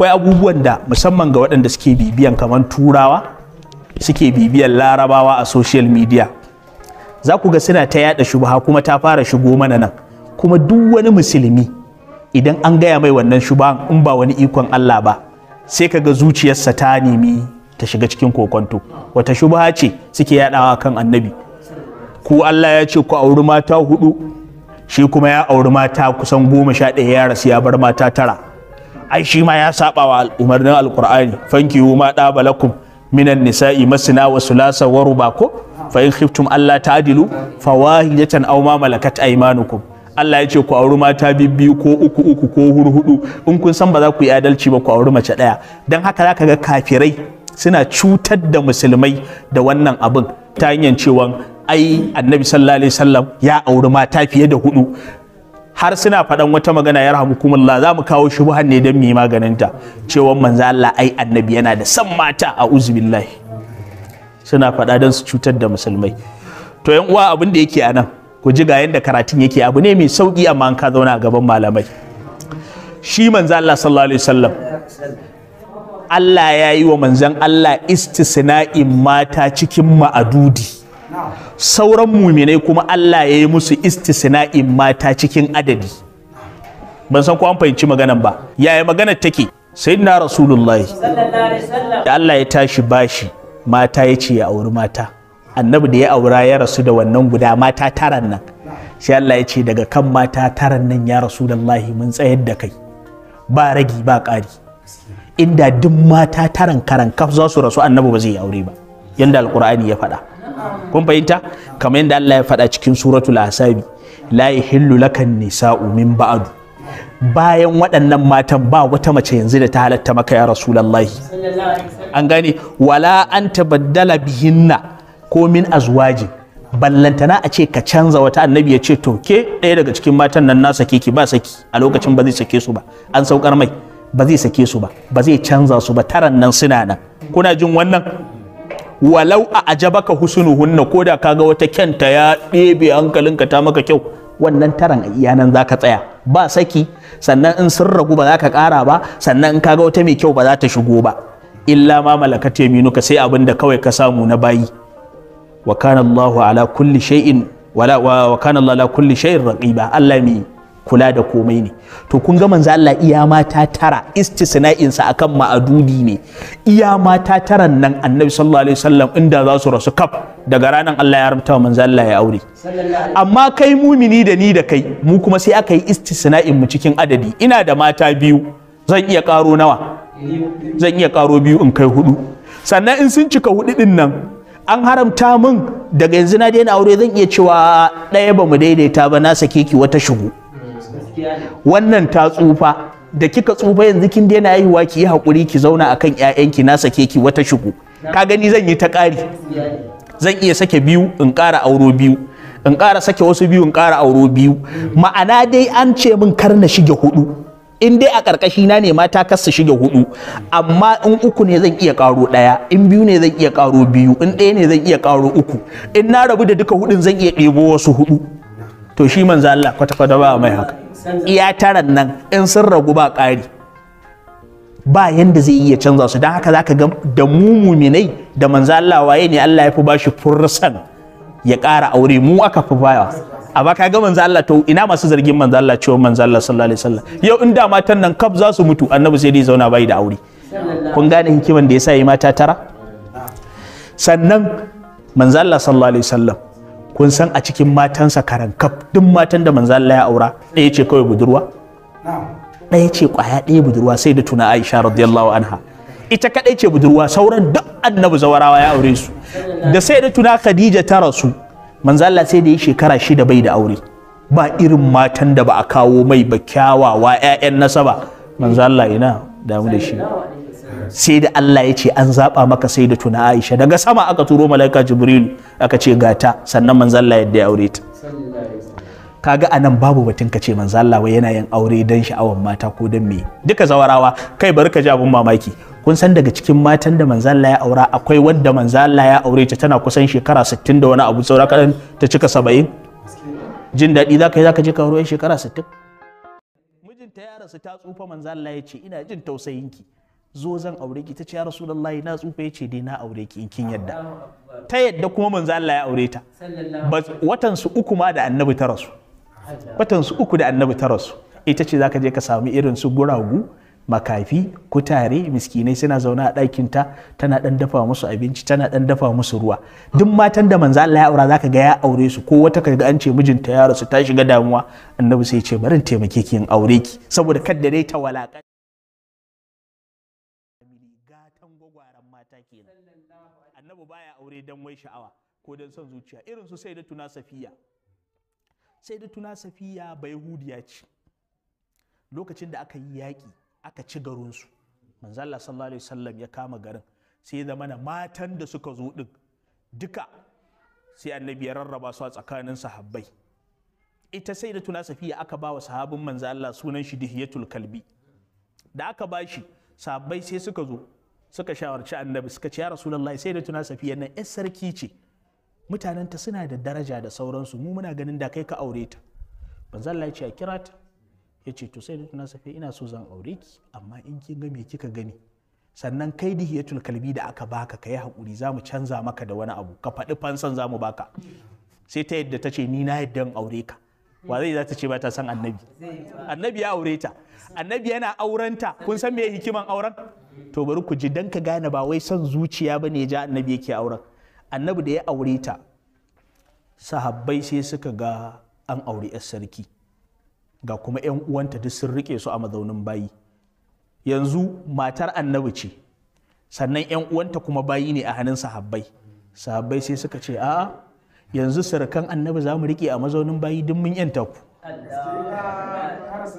akwai abubuwan da musamman ga waɗanda suke bibiyan kamar turawa suke bibiyan larabawa a social media za ku ga suna ta yada shubha kuma ta fara shigo mana nan kuma duk wani musulmi idan an gaya mai wannan shubhan in ba wani ikon Allah ba sai ka ga zuciyarsa ta nemi ta shiga cikin kokonto wata shubha ce suke yadawa kan annabi ku Allah ya ce ku auri mata hudu shi kuma ya auri mata kusan goma sha ɗaya ya rasu ya bar mata tara ai shi ma ya saba wa umarnin Fanki fankihu ma dabalakum minan nisa'i masina wa sulasa wa ruba ko fa in khiftum alla ta'dilu fawahidatan aw ma malakat aymanukum Allah ya ce ku auri mata bibbiyu ko uku uku ko hurhudu in kun san ba za ku yi adalci ba ku auri mace ɗaya. dan haka zaka ga kafirai suna cutar da musulmai da wannan abin ta hanyar cewa ai annabi sallallahu alaihi wasallam ya auri mata fiye da hudu har suna faɗan wata magana ya rahmukumullah za mu kawo shubuhan ne don mu yi maganinta cewa manzo Allah ai annabi yana da san mata a uzubillahi suna faɗa don su cutar da musulmai to yan uwa abin da yake anan ku ji ga yanda karatun yake abu ne mai sauki amma an ka zauna gaban malamai shi manzo Allah sallallahu alaihi wasallam Allah ya yi wa manzon Allah istisna'in mata cikin ma'adudi sauran muminai kuma Allah ya yi musu istisna'in mata cikin adadi ban san ko an fahimci maganan ba yaya maganar take sayyidina rasulullahi da Allah ya tashi bashi mata ya ce ya auri mata annabi da ya aura ya rasu da wannan guda mata taran nan sai Allah ya ce daga kan mata taran nan ya rasulullahi mun tsayar da kai ba ragi ba ƙari inda duk mata taran karan kaf za su rasu annabi ba zai aure ba yanda alkur'ani ya faɗa kun fahimta kamar yadda Allah ya faɗa cikin suratul asabi la yahillu lakan nisa'u min ba'du bayan waɗannan matan ba wata mace yanzu da ta halatta maka ya rasulullahi an gane wala an tabaddala bihinna ko min azwaji ballantana a ce ka canza wata annabi ya ce to ke ɗaya daga cikin matan nan na sake ki ba saki a lokacin ba zai sake su ba an saukar mai ba zai sake su ba ba zai canza su ba taran nan suna nan kuna jin wannan walau a ajabaka husnuhunna ko da kaga wata kyanta ya ɗebe hankalinka ta maka kyau wannan taran a yanan za ka tsaya ba saki sannan in sun ragu ba za ka ƙara ba sannan in kaga wata mai kyau ba za ta shigo ba illa ma malakat yaminuka sai abin da kawai ka samu na bayi wa kana Allahu ala kulli shay'in wala wa kana Allah ala kulli shay'in raqiba Allah mai kula da komai ne to kun ga manzo Allah iya mata tara istisna'in sa akan ma'adudi ne iya mata taran nan annabi sallallahu alaihi wasallam inda za su rasu kaf daga ranan Allah ya haramta wa manzo Allah ya aure amma kai mumini da ni da kai mu kuma sai aka yi istisna'in mu cikin adadi ina da mata biyu zan iya karo nawa zan iya karo biyu in kai hudu sannan in sun cika hudu din nan an haramta min daga yanzu na daina aure zan iya cewa ɗaya ba mu daidaita ba na sake ki wata shigo wannan ta tsufa da kika tsufa yanzu kin daina haihuwa ki yi hakuri ki zauna akan ƴaƴanki na sake ki wata shigo ka gani zan yi ta ƙari zan iya sake biyu in ƙara auro biyu in ƙara sake wasu biyu in ƙara auro biyu ma'ana dai an ce min kar na shige hudu in dai a ƙarƙashi na ne mata kar su shige hudu amma in uku ne zan iya ƙaro ɗaya in biyu ne zan iya ƙaro biyu in ɗaya ne zan iya ƙaro uku in na rabu da duka hudun zan iya ɗebo wasu hudu to shi manzo Allah kwata kwata ba mai haka iya taran nan in sun ragu ba ƙari ba yanda zai iya canza su don haka zaka ga da mu muminai da manzo Allah waye ne Allah ya fi bashi fursan ya ƙara aure mu aka fi A amma ka ga manzo Allah to ina masu zargin manzo Allah cewa manzo Allah sallallahu alaihi wasallam yau in da matan nan kaf za su mutu annabi sai dai zauna bai da aure kun gane hikiman da yasa yi mata tara sannan manzo Allah sallallahu alaihi wasallam kun san a cikin matansa karan kaf duk matan da manzo Allah ya aura ɗaya ce kawai budurwa ɗaya ce ƙwaya ɗaya budurwa sai da tuna Aisha radiyallahu anha ita kaɗai ce budurwa sauran duk annabi zawarawa ya aure su da sai da tuna Khadija ta rasu manzo Allah sai da yi shekara shida bai da aure ba irin matan da ba a kawo mai ba kyawawa 'ya'yan nasaba manzo Allah ina damu da shi sai da Allah ya ce an zaba maka sai da tuna Aisha daga sama aka turo malaika Jibril aka ce gata sannan manzon Allah yadda ya aure ta kaga anan babu batun ka ce manzon Allah wai yana yin aure dan sha'awar mata ko dan me duka zawarawa kai bari ka ji abun mamaki kun san daga cikin matan da manzon Allah ya aura akwai wanda manzon Allah ya aure ta tana kusan shekara 60 da wani abu saura kadan ta cika 70 jin daɗi zaka yi zaka je ka aure shekara 60 mijinta ya rasu ta tsufa manzon Allah ya ce ina jin tausayinki zo zan aure ki ta ce ya rasulullahi na tsufa ya ce dai na aure ki in kin yadda ta yadda kuma manzo Allah ya aure ta watan su uku ma da annabi ta rasu watan su uku da annabi ta rasu ita ce zaka je ka samu irin su guragu makafi kutare miskinai suna zauna a ɗakin ta tana dan dafa musu abinci tana dan dafa musu ruwa duk matan da manzo Allah ya aura zaka ga ya aure su ko wata kaga an ce mijinta ya rasu ta shiga damuwa annabi sai ya ce bari taimake ki in aure ki saboda kaddare ta walaka annabi baya aure don wai sha'awa ko don son zuciya irin su sai da tuna safiya sai da tuna safiya bai hudiya ce lokacin da aka yi yaƙi aka ci garinsu manzalla sallallahu alaihi wasallam ya kama garin sai zama na matan da suka zo din duka sai annabi ya rarraba su a tsakanin sahabbai ita sai da tuna safiya aka ba wa sahabin manzalla sunan shi dihiyatul kalbi da aka ba shi sahabbai sai suka zo suka shawarci annabi suka ce ya rasulullahi sai da tuna safiya nan yar sarki ce mutanenta suna da daraja da sauransu mu muna ganin da kai ka aure ta banzan Allah ce a kira ta ya ce to sai da tuna safiya ina so zan aure ki amma in kin ga me kika gani sannan kai dihiyatul kalbi da aka baka ka yi hakuri za mu canza maka da wani abu ka faɗi fansan za mu baka sai ta yadda ta ce ni na yadda aure ka wa zai za ta ce ba ta san annabi annabi ya aure ta annabi yana aurenta kun san me hikiman auren to bari ku ji dan ka gane ba wai son zuciya ba ne ja annabi yake auren annabi da ya aure ta sahabbai sai suka ga an auri 'yar sarki ga kuma 'yan uwanta duk sun rike su a mazaunin bayi yanzu matar annabi ce sannan 'yan uwanta kuma bayi ne a hannun sahabbai sahabbai sai suka ce a yanzu surukan annabi za mu rike a mazaunin bayi duk mun 'yanta ku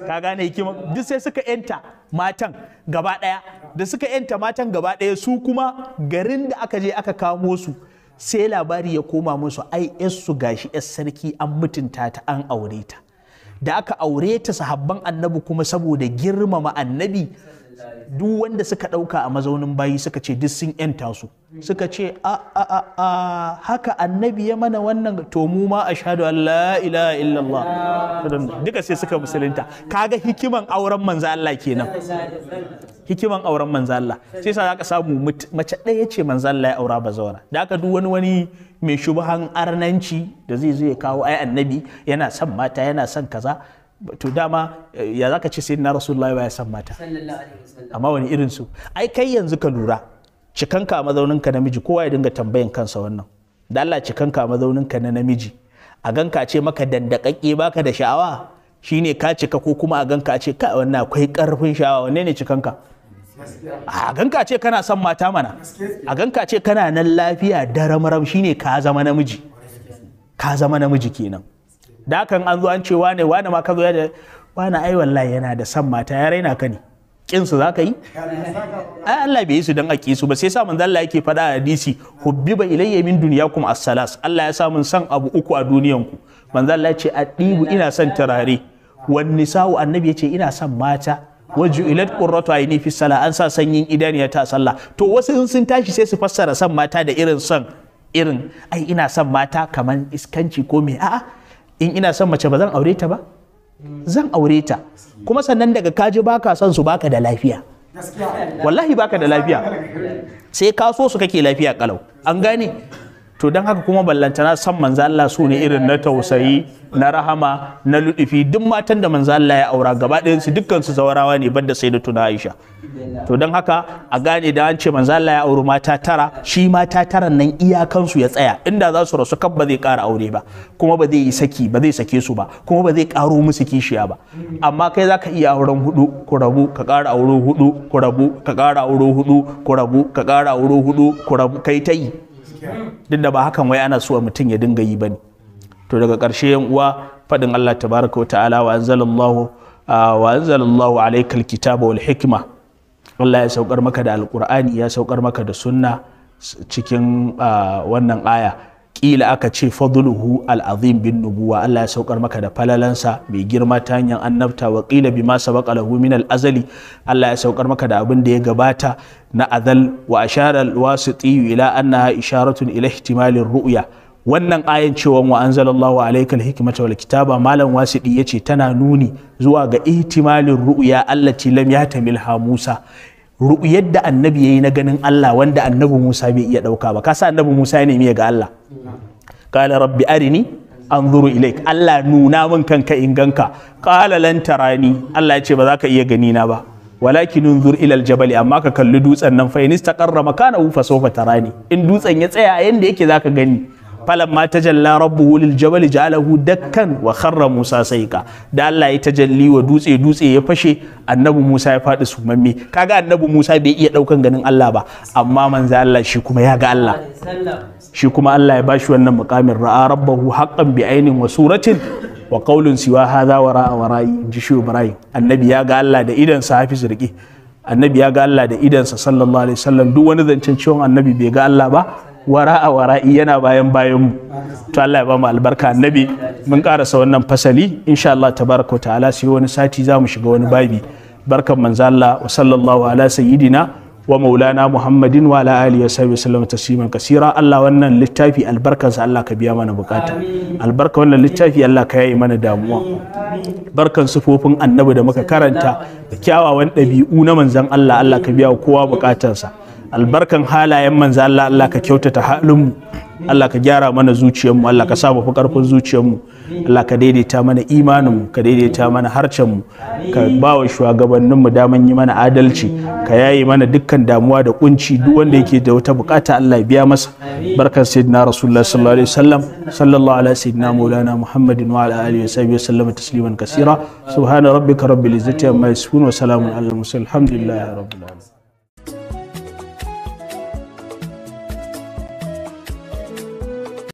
ka gane hikima duk sai suka yanta matan gaba daya da suka yanta matan gaba daya su kuma garin da aka je aka kamo su sai labari ya koma musu ai su gashi yar sarki an mutunta ta an aure ta da aka aure ta sahabban annabi kuma saboda girmama annabi duk wanda suka ɗauka a mazaunin bayi suka ce duk sun ‘yanta su suka ce a a a a haka annabi ya mana wannan to mu ma a an Allah ilaha illallah duka sai suka musulunta kaga hikiman auren manzo Allah kenan hikiman auren manzo Allah sai sa zaka samu mace ɗaya ce manzo Allah ya aura bazawara da aka duk wani wani mai shubahan arnanci da zai zo kawo ai annabi yana son mata yana son kaza to dama eh, ya zaka ce sai na rasulullahi ya san mata amma wani irin su ai kai yanzu ka lura cikanka a mazaunin ka namiji kowa ya dinga tambayan kansa wannan da Allah cikanka a mazaunin ka na namiji a ganka ce maka dandakakke baka da sha'awa shine ka cika ko kuma a ganka ce ka wannan akwai karfin sha'awa wanne ne cikanka a ganka ce kana son mata mana a ganka ce kana nan lafiya daramaram shine ka zama namiji ka zama namiji kenan da kan an zo an ce wane wane ma ka zo da wane ai wallahi yana da san mata ya raina ka ne kin su zaka yi ai Allah bai yi su dan a kisu ba sai sa manzo Allah yake faɗa a hadisi hubbiba ilayya min dunyakum as-salas Allah ya samun san abu uku a ku manzo Allah ya ce adibu ina son turare wan nisa'u annabi ya ce ina son mata ilat qurratu ayni fi sala an sa sanyin idaniya ta sallah to wasu in sun tashi sai su fassara san mata da irin son irin ai ina son mata kaman iskanci ko me a'a in ina son mace ba zan aure ta ba zan aure ta kuma sannan daga kaji baka son su baka da lafiya wallahi baka da lafiya sai ka so su kake lafiya kalau an gane to don haka kuma ballantana san manzo Allah su ne irin na tausayi na rahama na ludufi duk matan da manzo Allah ya aura gaba ɗayan su dukkan su zawarawa ne banda sai da tuna Aisha to don haka a gane da an ce manzo Allah ya auri mata tara shi mata tara nan iyakansu ya tsaya inda za su rasu kan ba zai ƙara aure ba kuma ba zai yi saki ba zai sake su ba kuma ba zai ƙaro musu kishiya ba amma kai zaka iya auren hudu ku rabu ka ƙara auren hudu ku rabu ka ƙara auren hudu ku rabu ka ƙara auren hudu ku rabu kai ta yi duk da ba hakan wai ana so mutum ya dinga yi bane to daga ƙarshe yan uwa faɗin Allah tabaraka wa ta'ala wa anzalallahu wa anzalallahu alaykal kitaba wal hikma Allah ya saukar maka da alqur'ani ya saukar maka da sunna cikin wannan aya kila aka ce fadluhu al'azim bin nubuwa Allah ya saukar maka da falalansa mai girma ta hanyar annabta wa kila bi ma sabaqa lahu min al'azali Allah ya saukar maka da abin da ya gabata na azal wa ashara al-wasiti ila annaha isharatun ila ihtimalir ru'ya wannan ayan cewa wa anzalallahu alaikal hikmata wal kitaba malam wasidi yace tana nuni zuwa ga ihtimalin ru'ya allati lam yahtamilha Musa ru'uyar da annabi yayi na ganin Allah wanda annabi Musa bai iya ɗauka ba kasa annabi Musa ya nemi ga Allah Kala rabbi arini zuru ilaik Allah nuna min kanka in ganka qala lan tarani Allah ya ce ba za ka iya gani na ba walakin unzur ila aljabal amma ka kalli dutsen nan fa in istaqarra makanahu fa sawfa tarani in dutsen ya tsaya a yanda yake zaka gani falamma tajalla rabbuhu lil jabal ja'alahu dakkan wa kharra Musa saika da Allah ya tajalli wa dutse dutse ya fashe annabi Musa ya faɗi sumamme kaga annabi Musa bai iya daukan ganin Allah ba amma manzo Allah shi kuma ya ga Allah shi kuma Allah ya bashi wannan muqamin ra'a rabbahu haqqan bi ainin wa suratin wa qaulun siwa hadha wa ra'a wa ra'i inji shi Ibrahim annabi ya ga Allah da idan sa hafiz riqi annabi ya ga Allah da sa sallallahu alaihi wasallam duk wani zancen ciwon annabi bai ga Allah ba Wara a wara'i yana bayan bayan mu to Allah ya ba mu albarka annabi mun karasa wannan fasali insha Allah tabaraka ta'ala sai wani sati za mu shiga wani babi barkan manzo Allah wa sallallahu ala sayyidina wa maulana Muhammadin wa ala alihi wa sahbihi sallam tasliman kasira Allah wannan littafi albarkansa Allah ka biya mana bukata albarka wannan littafi Allah ka yayi mana damuwa barkan sufofin annabi da muka karanta da kyawawan dabi'u na manzon Allah Allah ka biya kowa bukatarsa albarkan halayen manzo Allah Allah ka kyautata halinmu Allah ka gyara mana zuciyarmu Allah ka sa mu karfin zuciyarmu Allah ka daidaita mana imaninmu ka daidaita mana harcenmu ka ba wa shugabanninmu daman yi mana adalci ka yaye mana dukkan damuwa da kunci duk wanda yake da wata bukata Allah ya biya masa barkan sayyidina rasulullah sallallahu alaihi wasallam sallallahu ala sayyidina maulana muhammadin wa ala alihi wa sallam tasliman kaseera subhana rabbika rabbil izzati amma yasifun wa salamun alal mursalin alhamdulillahi rabbil alamin